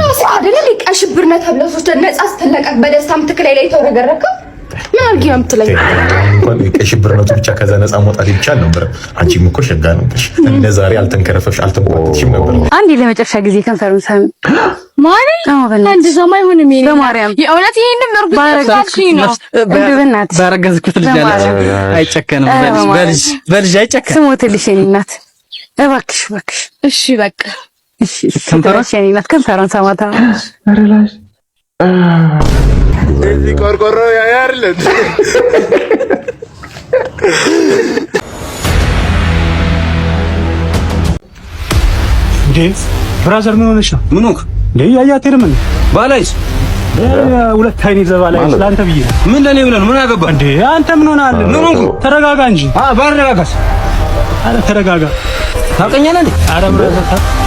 ራስ አይደለ ሊቃ ሽብርነት ሶስት ነጻ ስትለቀቅ በደስታ ምትክላይ ላይ ተወረገረከ ምን አድርጊ ነው የምትለኝ? ሽብርነቱ ብቻ ከዛ ነጻ መውጣት ይቻል ነበር። አንቺ እኮ ሸጋ ነው እንደ ዛሬ አልተንከረፈሽ አልተንቋጥሽም ነበር። አንዴ ለመጨረሻ ጊዜ ከንፈሩን ሳሚ ማሪያም ነው ልጅ በልጅ በልጅ አይጨከንም። ስሞትልሽ እናት እባክሽ እባክሽ። እሺ በቃ ከንፈራን ሰማታ እዚህ ቆርቆሮ ያያርለን እንዴ ብራዘር ምን ሆነሽ ነው? ምን ሆንክ እንዴ? ያያት ባላይስ ሁለት አይኔ ለአንተ ብዬ ምን ለኔ ብለን ምን አገባ እንዴ? አንተ ምን ምን ሆንኩ? ተረጋጋ እንጂ። ባረጋጋስ። አረ ተረጋጋ። ታውቀኛለህ እንዴ? አረ ብራዘር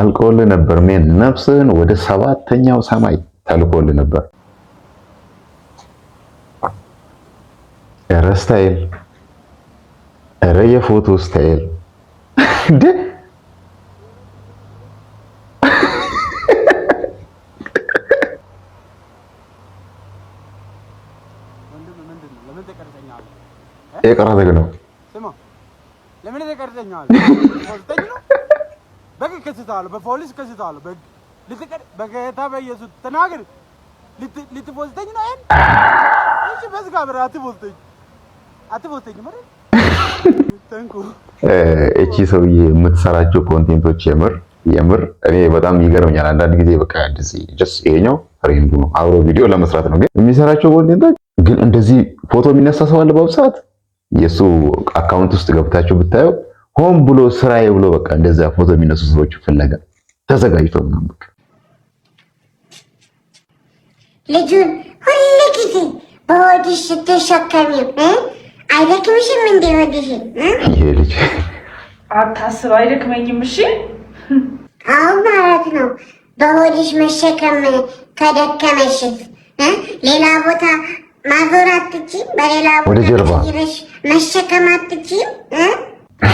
አልቆልህ ነበር። ምን ነፍስህን ወደ ሰባተኛው ሰማይ ተልኮልህ ነበር። ኧረ ስታይል፣ ኧረ የፎቶ ስታይል የቀረጽክ ነው። በግ ከስታሉ፣ በፖሊስ ከስታሉ። በግ ልትቀር በጌታ በኢየሱስ ተናገር። ልትፎስተኝ ነው አይደል? እሺ በዝጋ ብር አትፎስተኝ፣ አትፎስተኝ ማለት እቺ ሰውዬ የምትሰራቸው ኮንቴንቶች የምር የምር እኔ በጣም ይገርመኛል። አንዳንድ ጊዜ በቃ እንደዚህ ጀስ ይሄኛው ፍሬንዱ ነው አብሮ ቪዲዮ ለመስራት ነው፣ ግን የሚሰራቸው ኮንቴንቶች ግን እንደዚህ ፎቶ የሚነሳ ሰው አለ በአሁኑ ሰዓት የእሱ አካውንት ውስጥ ገብታችሁ ብታየው ሆን ብሎ ስራዬ ብሎ በቃ እንደዛ ፎቶ የሚነሱ ሰዎች ፍለጋ ተዘጋጅቶ ምናምን በቃ ልጁን ሁሉ ጊዜ በሆድሽ ስትሸከሚው አይደክምሽም? እንደ ሆድሽ ይሄ ልጅ አታስበው፣ አይደክመኝም። እሺ አሁን ማለት ነው በሆድሽ መሸከም ከደከመሽ ሌላ ቦታ ማዞር አትችይም፣ በሌላ ቦታ መሸከም አትችይም።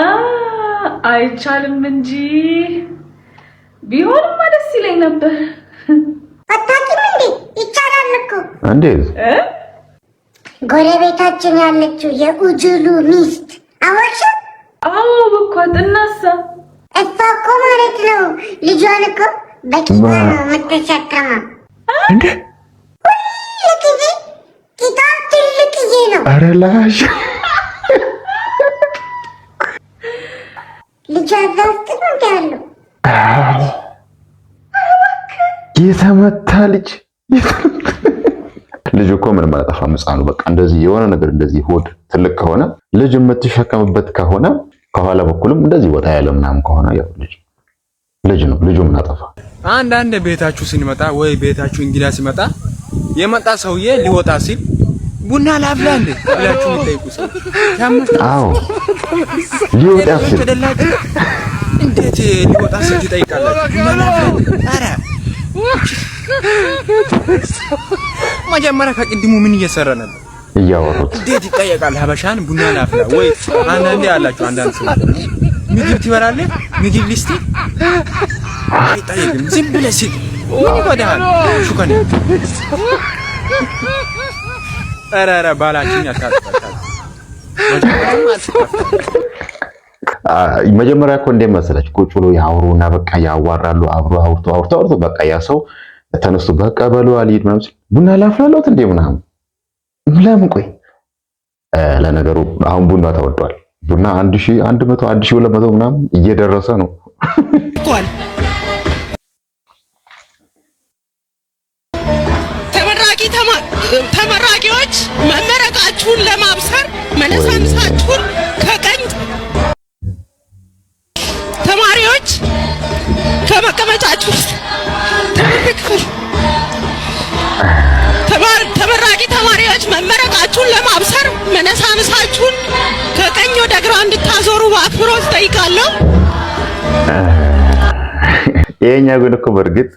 Ah, አይቻልም እንጂ ቢሆንማ ደስ ይለኝ ነበር። አታውቂም እንዴ? ይቻላል እኮ። እንዴት? ጎረቤታችን ያለችው የኡጁሉ ሚስት አወቅሽ? አዎ በኳት። እናሳ እሷ እኮ ማለት ነው ልጇን እኮ በቂባ ነው የምትሸከመው። እንዴ ሁሉ ጊዜ በጣም ትልቅዬ ነው። ኧረ ላሽ ልጃዛት ነው ያለው። የተመታ ልጅ ልጅ እኮ ምንም አላጠፋም። በቃ እንደዚህ የሆነ ነገር እንደዚህ ሆድ ትልቅ ከሆነ ልጅ የምትሸከምበት ከሆነ ከኋላ በኩልም እንደዚህ ወጣ ያለ ምናምን ከሆነ ያው ልጅ ልጅ ነው። ልጁ ምን አጠፋ? አንዳንድ ቤታችሁ ስንመጣ ወይ ቤታችሁ እንግዳ ሲመጣ የመጣ ሰውዬ ሊወጣ ሲል ቡና ላብላ እንዴ ብላችሁ የምጠይቁ ሰው አዎ፣ ሊወጣ ሲል ተደላጅ እንዴት ሊወጣ ሲል ትጠይቃላችሁ? ኧረ መጀመሪያ ከቅድሙ ምን እየሰራ ነበር? እያወሩት እንዴት ይጠየቃል? ሀበሻን ቡና ላፍላ ወይ አንዳንዴ ያላችሁ አንዳንድ ሰው ምግብ ትበላለህ፣ ምግብ ሊስቲ አይጠየቅም፣ ዝም ብለህ ሲል ምን ይጎዳል? ሹከን ኧረ ኧረ ባላችን መጀመሪያ እኮ እንዴት መሰላችሁ ቁጭ ብሎ ያወሩና በቃ ያዋራሉ። አብሮ አውርቶ አውርቶ አውርቶ በቃ ያ ሰው ተነስቶ በቃ በሉ አልሄድ ምናምን ሲል ቡና ላፍላለሁት እንዴ ምናምን ለምን ቆይ ለነገሩ አሁን ቡና ተወዷል። ቡና አንድ ሺህ አንድ መቶ አንድ ሺህ ሁለት መቶ ምናምን እየደረሰ ነው። ተመራቂዎች መመረቃችሁን ለማብሰር መነሳንሳችሁን ከቀኝ ተማሪዎች ከመቀመጫችሁ ትክክል ተመራቂ ተማሪዎች መመረቃችሁን ለማብሰር መነሳንሳችሁን ከቀኝ ወደ ግራ እንድታዞሩ በአክብሮት እጠይቃለሁ። ይሄኛው ግን እኮ በእርግጥ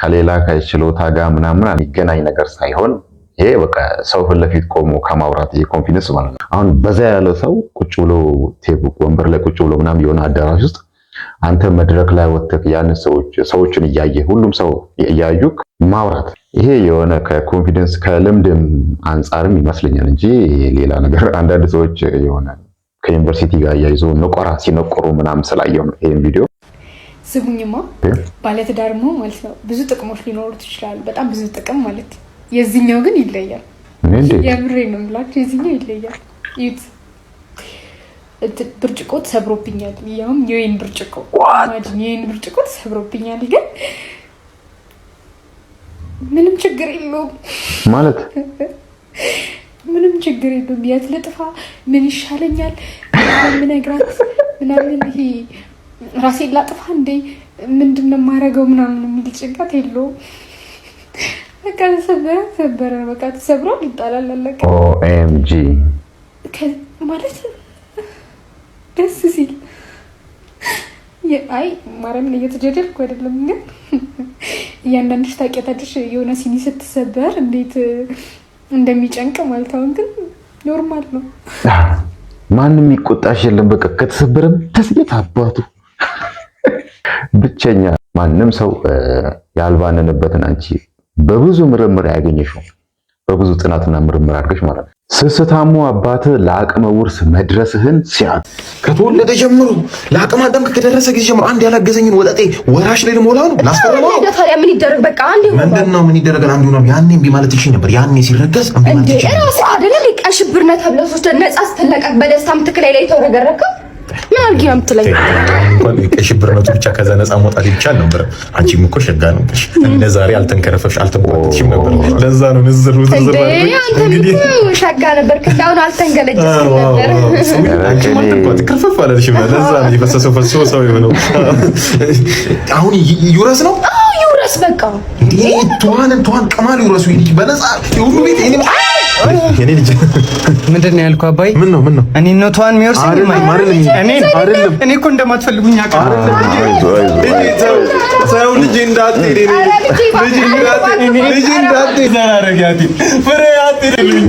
ከሌላ ከችሎታ ጋር ምናምን የሚገናኝ ነገር ሳይሆን ይሄ በቃ ሰው ፊት ለፊት ቆሞ ከማውራት ኮንፊደንስ ማለት ነው። አሁን በዛ ያለ ሰው ቁጭ ብሎ ወንበር ላይ ቁጭ ብሎ ምናምን የሆነ አዳራሽ ውስጥ አንተ መድረክ ላይ ወጥተህ ያን ሰዎች ሰዎችን እያየ ሁሉም ሰው እያዩ ማውራት ይሄ የሆነ ከኮንፊደንስ ከልምድም አንጻርም ይመስለኛል እንጂ ሌላ ነገር አንዳንድ ሰዎች የሆነ ከዩኒቨርሲቲ ጋር እያይዞ ነቆራ ሲነቆሩ ምናምን ስላየው ይሄን ቪዲዮ ስሙኝማ ባለትዳር መሆን ማለት ነው ብዙ ጥቅሞች ሊኖሩት ይችላሉ። በጣም ብዙ ጥቅም ማለት የዚኛው ግን ይለያል። የምሬ ነው የምላቸው የዚኛው ይለያል። ብርጭቆ ተሰብሮብኛል። ያውም የወይን ብርጭቆ የወይን ብርጭቆ ተሰብሮብኛል፣ ግን ምንም ችግር የለውም ማለት ምንም ችግር የለውም። የት ልጥፋ? ምን ይሻለኛል? ምነግራት ምናምን ይሄ ራሴን ላጥፋ እንዴ ምንድን ነው የማደርገው ምናምን የሚል ጭንቀት የለውም። በቃ ተሰበረ ተሰበረ በቃ ተሰብሮ ይጣላል አለቀ። ኦኤምጂ ማለት ደስ ሲል አይ ማርያምን እየተጀደልኩ አይደለም፣ ግን እያንዳንድሽ ታውቂያታለሽ የሆነ ሲኒ ስትሰበር እንዴት እንደሚጨንቅ ማለት። አሁን ግን ኖርማል ነው። ማንም ይቆጣሽ የለም። በቃ ከተሰበረም ተስጌት አባቱ ብቸኛ ማንም ሰው ያልባነንበትን አንቺ በብዙ ምርምር ያገኘሽው በብዙ ጥናትና ምርምር አድርገሽ ማለት ነው። ስስታሙ አባት ለአቅመ ውርስ መድረስህን ሲያት ከተወለደ ጀምሮ ለአቅመ አዳም ከደረሰ ጊዜ ጀምሮ አንድ ያላገዘኝን ወጠጤ ወራሽ ላይ ልሞላ ነው ላስፈረማ ነው። ታዲያ ምን ይደረግ? በቃ አንዴ ምንድን ነው ምን ይደረጋል? አንዱ ነው ያኔ እምቢ ማለት ይችል ነበር። ያኔ ሲረገዝ እምቢ ማለት ይችል ነበር። ራስ አይደለ ሊቃ ተብለህ አብለሶች ነጻ ስትለቀቅ በደስታ ምትክላይ ላይ ተወረገረከው ለአርጊ ምትለኝ ከሽብርነቱ ብቻ ከዛ ነፃ መውጣት ይቻል ነበር። አንቺም እኮ ሸጋ ነበርሽ፣ እንደ ዛሬ አልተንከረፈሽ አልተንቋጥሽም ነበር። ለዛ ነው ንዝር ንዝር ሸጋ ነበር። ለዛ ነው የፈሰሰው ፈሶ ሰው የሆነው። አሁን ዩረስ ነው ዩረስ በቃ ተዋን ተዋን ቀማል ይውረሱ ይልጅ በነፃ የሁሉ ቤት እኔ የኔ ልጅ ምንድን ነው ያልኩህ? አባዬ ምን ነው ምን ነው እኔ ነው ተዋን የሚወርስ አይደለም አይደለም እኔ እኮ እንደማትፈልጉኝ አውቃለሁ። ልጅ እንዳትሄድ ልጅ እንዳትሄድ ልጅ ፍሬ አትሄድልኝ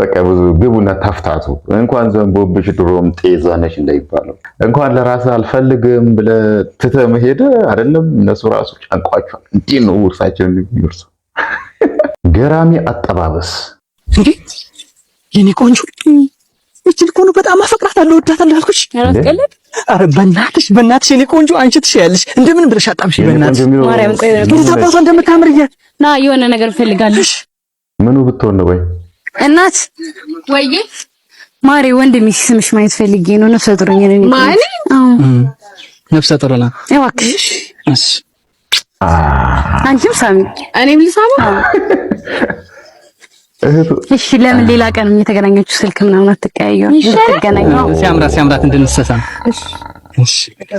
በቃ ብዙ ግቡና ተፍታቱ። እንኳን ዘንቦብሽ ድሮም ጤዛ ነሽ እንዳይባለው እንኳን ለራስ አልፈልግም ብለ ትተ መሄደ አይደለም እነሱ ራሱ ጫንቋቸዋል። እንዴት ነው ውርሳቸውን የሚወርሱ? ገራሚ አጠባበስ እንዴ! የኔ ቆንጆ ይችን በጣም አፈቅራት አለ ወዳት አለ አልኩሽ። አላስቀለድ አረ በናትሽ በናትሽ የኔ ቆንጆ አንቺ ትሻያለሽ። እንደምን ብለሽ አጣምሽ? በናትሽ ማርያም ቆይ፣ እንደምታምር እያ ና የሆነ ነገር ፈልጋለሽ። ምኑ ብትሆን ነው ወይ እናት ወይ ማሬ ወንድሜ ስምሽ ማየት ፈልጌ ነው። ነፍሰ ጡር ነኝ ማለት አዎ፣ ነፍሰ ጡር ነኝ። እባክሽ እሺ። አንቺም ሳሚ እኔም ልሳማ። እሺ፣ ለምን ሌላ ቀን የተገናኛችሁ ስልክ ምናምን አትቀያየው? ሲያምራት እንድንሰሳ እሺ እሺ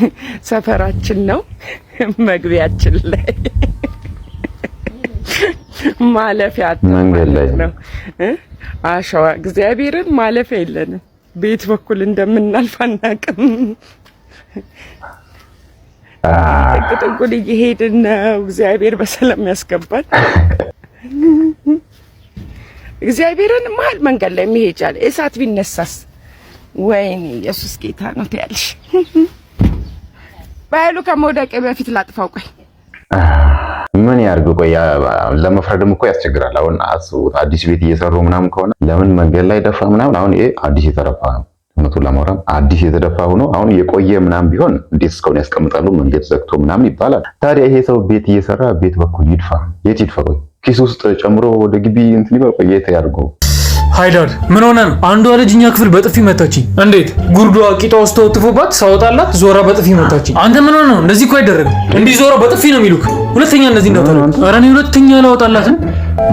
ሰፈራችን ነው። መግቢያችን ላይ ማለፊያ ነው አሸዋ። እግዚአብሔርን ማለፊያ የለንም። ቤት በኩል እንደምናልፍ አናውቅም። ጥቅጥቁን እየሄድን ነው። እግዚአብሔር በሰላም ያስገባል። እግዚአብሔርን መሀል መንገድ ላይ መሄጃል እሳት ቢነሳስ ወይኔ ኢየሱስ ጌታ ነው ትያለሽ። በኃይሉ ከመውደቄ በፊት ላጥፋው። ቆይ ምን ያርግ? ቆይ ለመፍረድም እኮ ያስቸግራል። አሁን አስቡት፣ አዲስ ቤት እየሰሩ ምናምን ከሆነ ለምን መንገድ ላይ ደፋ ምናምን። አሁን ይሄ አዲስ የተደፋ ነው፣ እውነቱን ለማውራት አዲስ የተደፋ ሆኖ አሁን የቆየ ምናምን ቢሆን እንዴት እስካሁን ያስቀምጣሉ? መንገድ ዘግቶ ምናምን ይባላል። ታዲያ ይሄ ሰው ቤት እየሰራ ቤት በኩል ይድፋ፣ የት ይድፋ? ቆይ ኪስ ውስጥ ጨምሮ ወደ ግቢ እንትን ይበል። ቆይ የት ሃይዳር ምን ሆነ ነው? አንዷ ልጅ እኛ ክፍል በጥፊ መታችኝ። እንዴት? ጉርዷ ቂጧ ውስጥ ተወጥፎባት ሳወጣላት ዞራ በጥፊ መታችኝ። አንተ ምን ሆነ ነው? እንደዚህ እኮ አይደረግም። እንዲህ ዞራ በጥፊ ነው የሚሉክ። ሁለተኛ እንደዚህ እንዳታደርግ። ኧረ እኔ ሁለተኛ አላወጣላትም።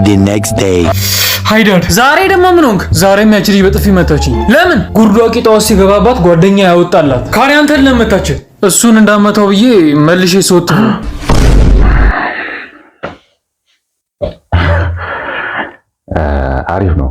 the next day ሃይዳር ዛሬ ደግሞ ምን ሆንክ? ዛሬም ያቺ በጥፊ መታችኝ። ለምን? ጉርዷ ቂጧ ውስጥ ሲገባባት ጓደኛ ያወጣላት። ካሪ አንተን ለመታች። እሱን እንዳመታው ብዬ መልሼ ስወጥ አሪፍ ነው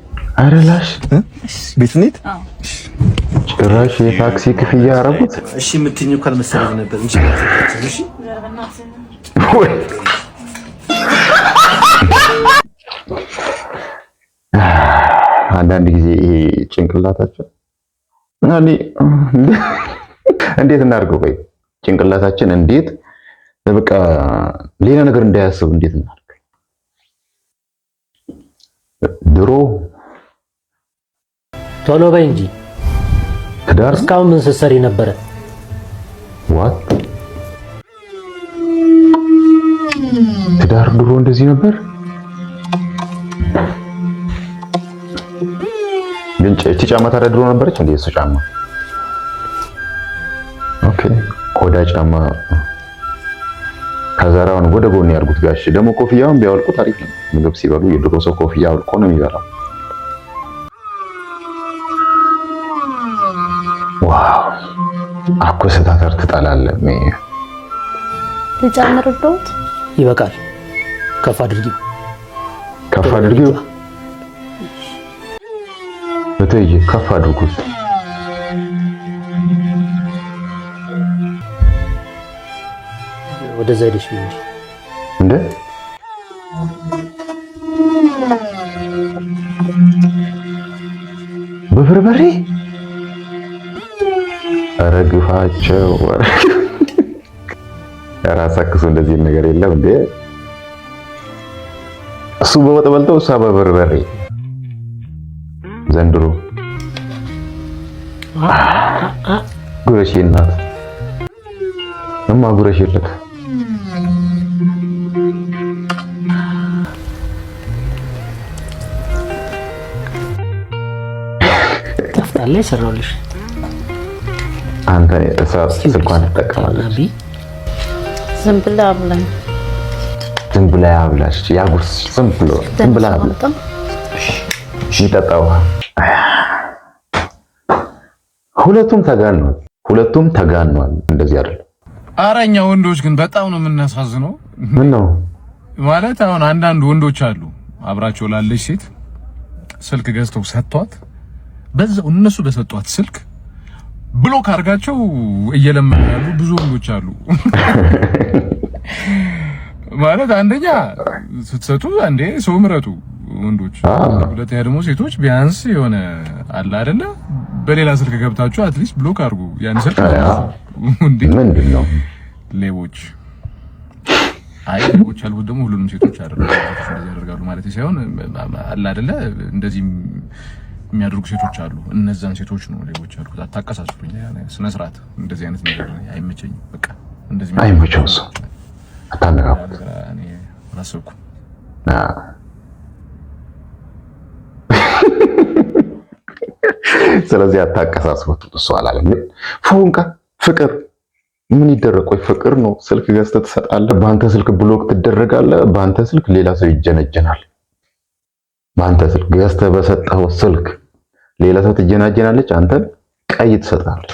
ኧረ ላሽ ቤት እንሂድ። ጭራሽ የታክሲ ክፍያ አደረጉት። እሺ የምትይኝ እኮ አልመሰለኝ ነበር። እንጂ አንዳንድ ጊዜ ይሄ ጭንቅላታችን እንዴት እናድርገው? ወይ ጭንቅላታችን እንዴት በቃ ሌላ ነገር እንዳያስብ እንዴት እናድርገው ድሮ ቶሎ በይ እንጂ። ትዳር እስካሁን ምን ስትሰሪ ነበረ? ዋት ትዳር ድሮ እንደዚህ ነበር? ግን እቺ ጫማ ታዲያ ድሮ ነበረች እንዴ? እሱ ጫማ ኦኬ፣ ቆዳ ጫማ ከዘራውን ወደ ጎን ያርጉት። ጋሽ ደግሞ ኮፍያውን ቢያወልቁ ታሪክ ነው። ምግብ ሲበሉ የድሮ ሰው ኮፍያ አውልቆ ነው የሚበላው። ትኩስ ታተር ትጠላለህ። ልጨምርልዎት? ይበቃል። ከፍ አድርጊው፣ ከፍ አድርጊው። እትዬ ከፍ አድርጉት። ወደ ዘይዶች ምን እንደ በበርበሬ አቸው ራሳክሱ እንደዚህ ነገር የለም እንዴ? እሱ በወጥ በልተው እሷ በበርበሬ ዘንድሮ ጉረሽ እናት እማ ጉረሽ የለት ጠፍጣለች ሰራሁልሽ አንተ ስልኳን ትጠቀማለች። ዝም ብላ አብላ፣ ያጉርስ። ዝም ብሎ ዝም ብላ አብላ። ሁለቱም ተጋኗል፣ ሁለቱም ተጋኗል። እንደዚህ አይደለም። ወንዶች ግን በጣም ነው የምናሳዝነው። ምን ነው ማለት አሁን አንዳንድ ወንዶች አሉ አብራቸው ላለች ሴት ስልክ ገዝተው ሰጥቷት በዛው እነሱ በሰጧት ስልክ ብሎክ አድርጋቸው እየለመኑ ያሉ ብዙ ወንዶች አሉ። ማለት አንደኛ ስትሰጡ አንዴ ሰው ምረጡ ወንዶች፣ ሁለተኛ ደግሞ ሴቶች ቢያንስ የሆነ አለ አይደለ፣ በሌላ ስልክ ገብታችሁ አትሊስት ብሎክ አድርጉ ያን ስልክ። ምንድን ነው ሌቦች አይ ሌቦች ያልኩት ደግሞ ሁሉንም ሴቶች አይደለም ማለት ሳይሆን አለ አይደለ እንደዚህ የሚያደርጉ ሴቶች አሉ። እነዛን ሴቶች ነው ሌቦች አሉ። አታቀሳስሩኝ፣ ስነ ስርዓት። እንደዚህ አይነት ነገር አይመቸኝም። በቃ እንደዚህ አይመቸው እሱ አታነጋኩት። ስለዚህ አታቀሳስበት። እሱ አላለም። ፉንቃ ፍቅር ምን ይደረግ? ቆይ ፍቅር ነው። ስልክ ገዝተህ ትሰጣለ፣ በአንተ ስልክ ብሎክ ትደረጋለ፣ በአንተ ስልክ ሌላ ሰው ይጀነጀናል። በአንተ ስልክ ገዝተ በሰጠው ስልክ ሌላ ሰው ትጀናጀናለች፣ አንተን ቀይ ትሰጣለች።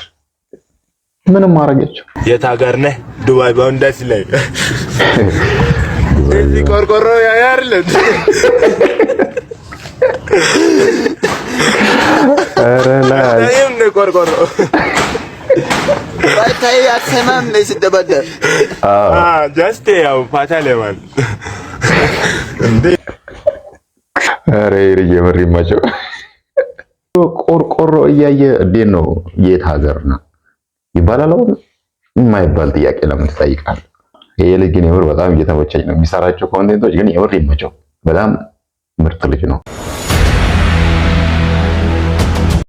ምንም ማረገችው። የት ሀገር ነህ? ዱባይ ባውንደስ ላይ እዚህ ቆርቆሮ ያያርልን ላይ ቆርቆሮ ባይታይ አትሰማም ላይ ስትደበደብ ጀስት ያው ፋታ ለማን እንዴ ኧረ ይርዬ መሪማቸው ቆርቆሮ እያየ እንዴት ነው የት ሀገር ነው ይባላል። አሁን የማይባል ጥያቄ ለምን ትጠይቃለህ? ይሄ ልጅ ግን የምር በጣም እየተመቸኝ ነው። የሚሰራቸው ኮንቴንቶች ግን የምር ይመቸው። በጣም ምርጥ ልጅ ነው።